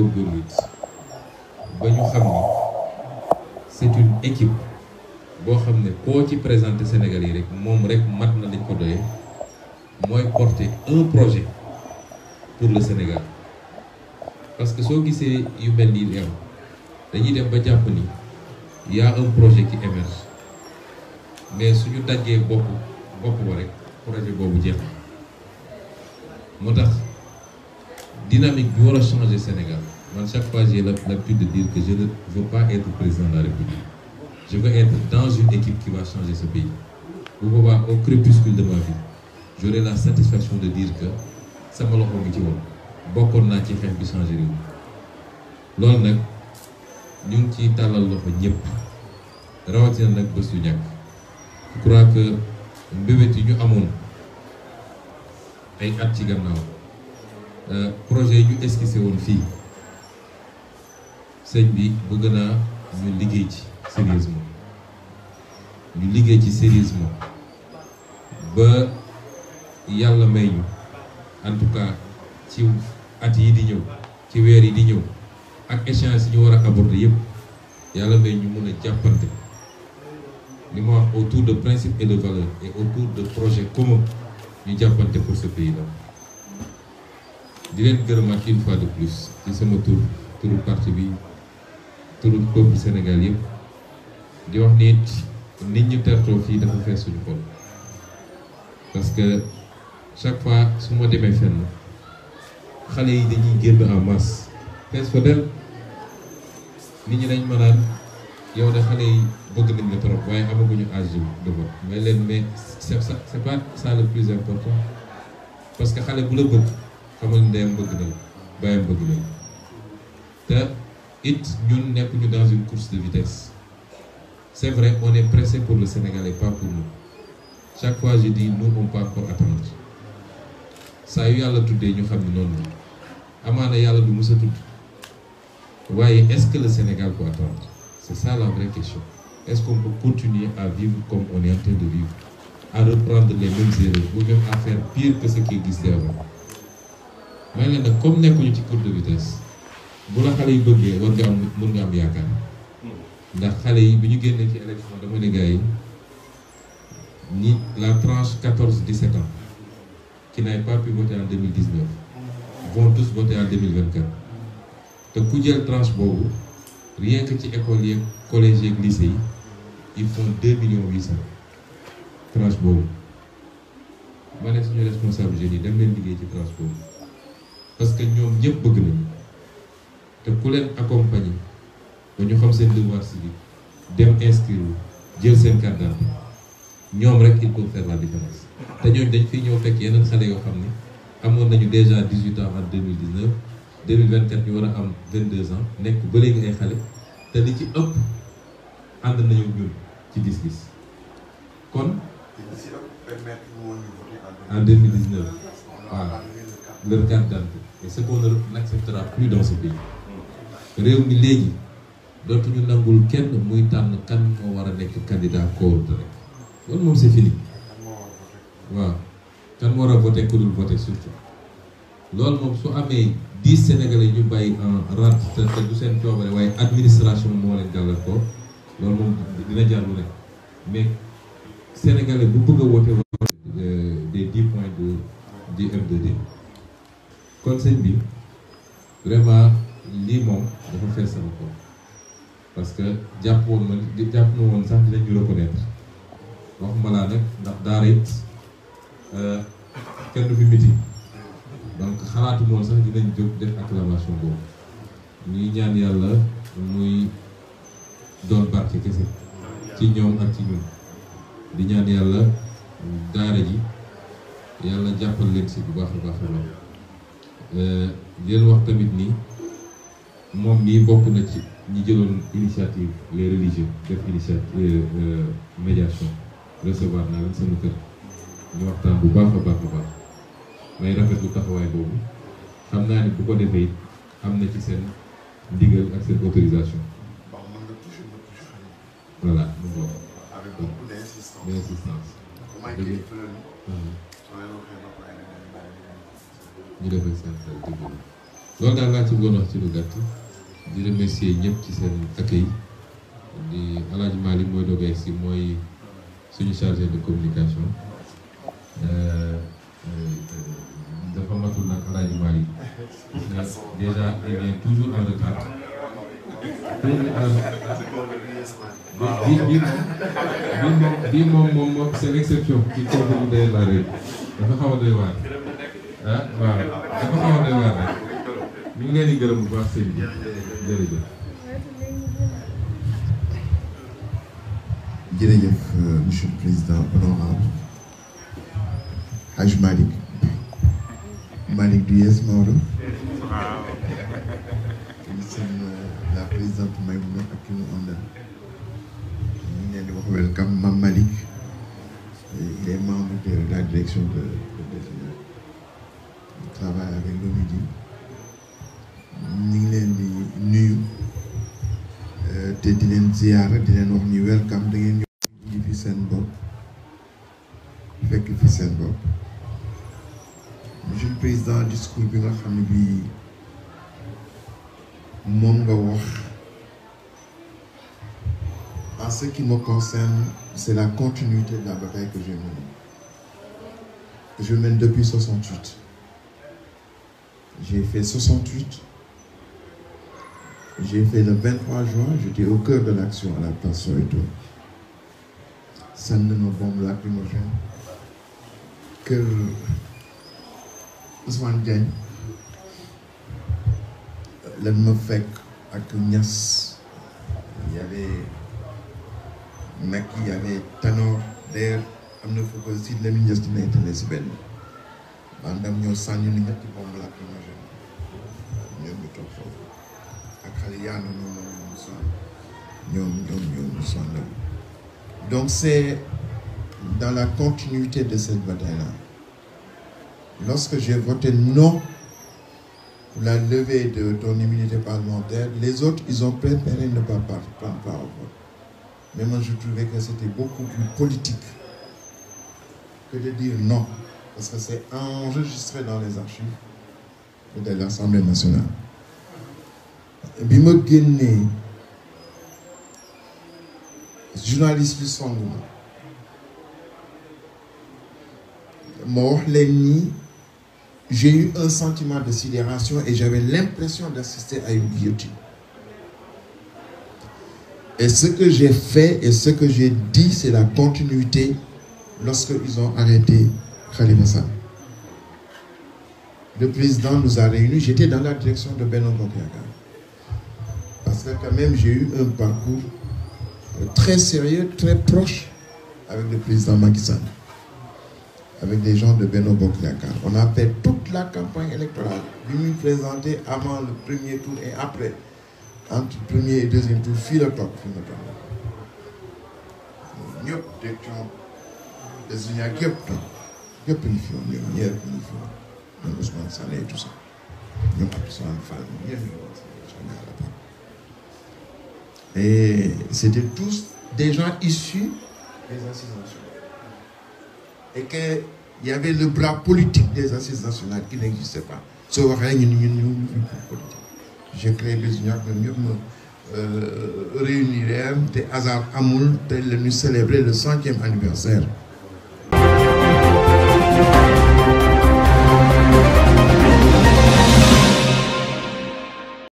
góorgóorlu it ba ñu xam ni c'est équipe boo xam ne koo ci présenté Sénégal yi rek moom rek mat na lañ ko doyee mooy porter un projet pour le Sénégal parce que soo gisee yu mel nii am dañuy dem ba jàpp ni y a projet qui émerge mais suñu daggee bopp bopp ba rek projet boobu jeex moo tax dynamique bi war a changer Sénégal man chaque fois j'ai l'habitude de dire que je ne veux pas être président de la République je veux être dans une équipe qui va changer ce pays bu boobaa au crépuscule de ma vie j'aurai la satisfaction de dire que sama loxo ngi ci woon bokkoon naa ci xeex bi changer réew loolu nag ñu ngi ciy tàllal loxo ñëpp rawatina nag bés yu ñàkk je que mbébét yi ñu amoon ay at ci gannaaw Euh, projet yi ñu esquissé woon fii sëñ bi bëgg naa ñu liggéey ci sérieusement ñu liggéey ci sérieusement ba yàlla may ñu en tout cas ci at yi di ñëw ci weer yi di ñëw ak échange yi ñu war a aborder yëpp yàlla may ñu mun a jàppante li ma wax autour de principes et de valeurs et autour de projet communs ñu jàppante pour ce pays di leen gërëmaat une fois de plus ci sama tur turu parti bi turu peuple Sénégal yi di wax nit nit ñu tertoo fii dafa fees suñu xol parce que chaque fois su ma demee fenn xale yi dañuy génn en masse fees fa del nit ñi dañ mënaan yow de xale yi bëgg nañ la trop waaye amaguñu âge de vote may leen mais c'est pas ça le plus important parce que xale bu la bëgg xamal ndeyam bëgg na la bàyyam bëgg na la te it ñun nekkuñu dans une course de vitesse c'est vrai on est pressé pour le Sénégal et pas pour chaque fois je dis nous on peut encore saa yu yàlla tuddee ñu xam ne noonu la amaana yàlla du mës a tudd waaye est-ce que le Sénégal peut attendre c'est ça la question est-ce continuer à vivre comme on est en train de vivre à reprendre les mêmes erreurs ou même à faire pire que ce qui existait may leen nag comme nekkuñu ci course de vitesse bu la xale yi bëggee war nga am mën nga am yaakaar hmm. ndax xale yi bi ñu génnee ci élection dama ne gars yi ñi la tranche 14 17 ans qui n'avaient pas pu voter en 2019 vont tous voter te ku jël tranche boobu rien ci école yeeg collège yeeg lycée yi il font 2 millions 800 tranche boobu ma ne suñu responsable jeunes yi dem leen liggéey ci tranche boobu. parce que ñoom ñëpp bëgg nañ te ku leen accompagner ba ñu xam seen devoir civique dem inscrire jël seen carte d'identité ñoom rek il faut faire la différence te ñooñu dañ fi ñëw fekk yeneen xale yoo xam ne amoon nañu déjà 18 ans en 2019 2024 ñu war a am 22 ans nekk ba léegi ay xale te li ci ëpp ànd nañu ñun ci gis-gis kon. en 2019 leur carte d'identité et ce qu'on n'acceptera plus dans ce dootuñu nangul kenn muy tànn kan moo war a nekk candidat coorte rek loolu moom c'est fini waaw kan su amee dix sénégalais ñu bàyyi en rente te du seen coobare waaye administration moo leen gàllankoor loolu moom dina jaar lu mais sénégalais bu bëgg a woote euh, des dix de du m 2 kon sëñ bi vraiment lii moom dafa fees sama ko parce que jàpp woon ma jàpp na woon sax dinañu reconnaître waxuma laa nag ndax daara it kenn du fi miti donc xalaatu moom sax dinañ jóg def acclamation boobu ñuy ñaan yàlla muy doon barke kese ci ñoom ak ci ñun di ñaan yàlla daara ji yàlla jàppal leen si baax a baax a Euh, di wax tamit ni moom mii bokk na ci ñi jëloon initiative les religieux def initiative euh, euh, médiation recevoir naa leen sama kër ñu waxtaan bu baax a baax a baax may rafetlu taxawaay boobu xam naa ni bu ko defee it am na ci seen ndigal ak seen autorisation voilà mu ngi ñu defal seen xel dëgg la loolu daal laa ci bëggoon ci lu gàtt di remercier ñëpp ci seen accueil di El Hadj Malick mooy dogeeg si mooy suñu chargé de communication euh, euh, dafa matul nag El Hadj Malick déjà il toujours en retard. bi bi bi moom bi moom moom c'est l'exception qui confirme la règle dafa xaw a doy ah waaw dafa xaw a doy waar rek ñu ngi leen di gërëm bu baax euh, président honorable Hadj Malick euh, ak ki mu àndal ñu ngi leen di wax welcome Mame Malick il de la direction de travaille avec l'OMIDI ñu ngi leen di nuyu euh, te di leen ziyaara di leen wax ni welcome da ngeen fi seen bopp fekk fi seen bopp monsieur le président discours bi nga xam ne bii moom nga wax en ce qui me concerne c'est la continuité de la bataille que je mène je mène depuis J'ai fait 68. J'ai fait le juin, j'étais au cœur de l'action à la place Soweto. Sànni ma bombe lacrymogène kër Ousmane Diagne lan ma fekk ak Niass y avait Macky y avait Tanor d'ailleurs am na foo ko si Lamine Niass dina si benn bandam ñoo sànni ñu ñetti bomb lacrymogène ñoom ñu toog foofu ak xale yaanu noonu ñoom sonn ñoom ñoom ñoom sonn donc c'est dans la continuité de cette bataille-là lorsque j'ai voté non pour la levée de ton immunité parlementaire les autres ils ont préféré ne pas part au mais moi je trouvais que c'était beaucoup plus politique que de dire non parce que c'est enregistré dans les archives de l'Assemblée nationale bi ma génnee journaliste bi song ma ma wax leen ni j'ai eu un sentiment de sidération et j'avais l'impression d'assister à une guillotine et ce que j'ai fait et ce que j'ai dit c'est la continuité lorsque ils ont arrêté Khalifa Sall. Le président nous a réunis. J'étais dans la direction de Benno Bokk Parce que quand même, j'ai eu un parcours euh, très sérieux, très proche avec le président Macky Avec des gens de Benno Bokk Yakaar. On a fait toute la campagne électorale, lui nous présenter avant le premier tour et après, entre premier et deuxième tour, fii la ñëpp ñu fi woon ñoom ñëpp ñu fi woon ñoom Ousmane Sané et tout ça ñoom Abdoulaye Fall ñoom ñëpp ñu woon si et c'était tous des gens issus des assises nationales et que y avait le bras politique des assises nationales qui n'existait pas soo waxee ñun ñun ñu ñu politique. j'ai créé des unions ñoom ñëpp ma euh, réunir te hasard amul te la ñu célébrer le centième anniversaire.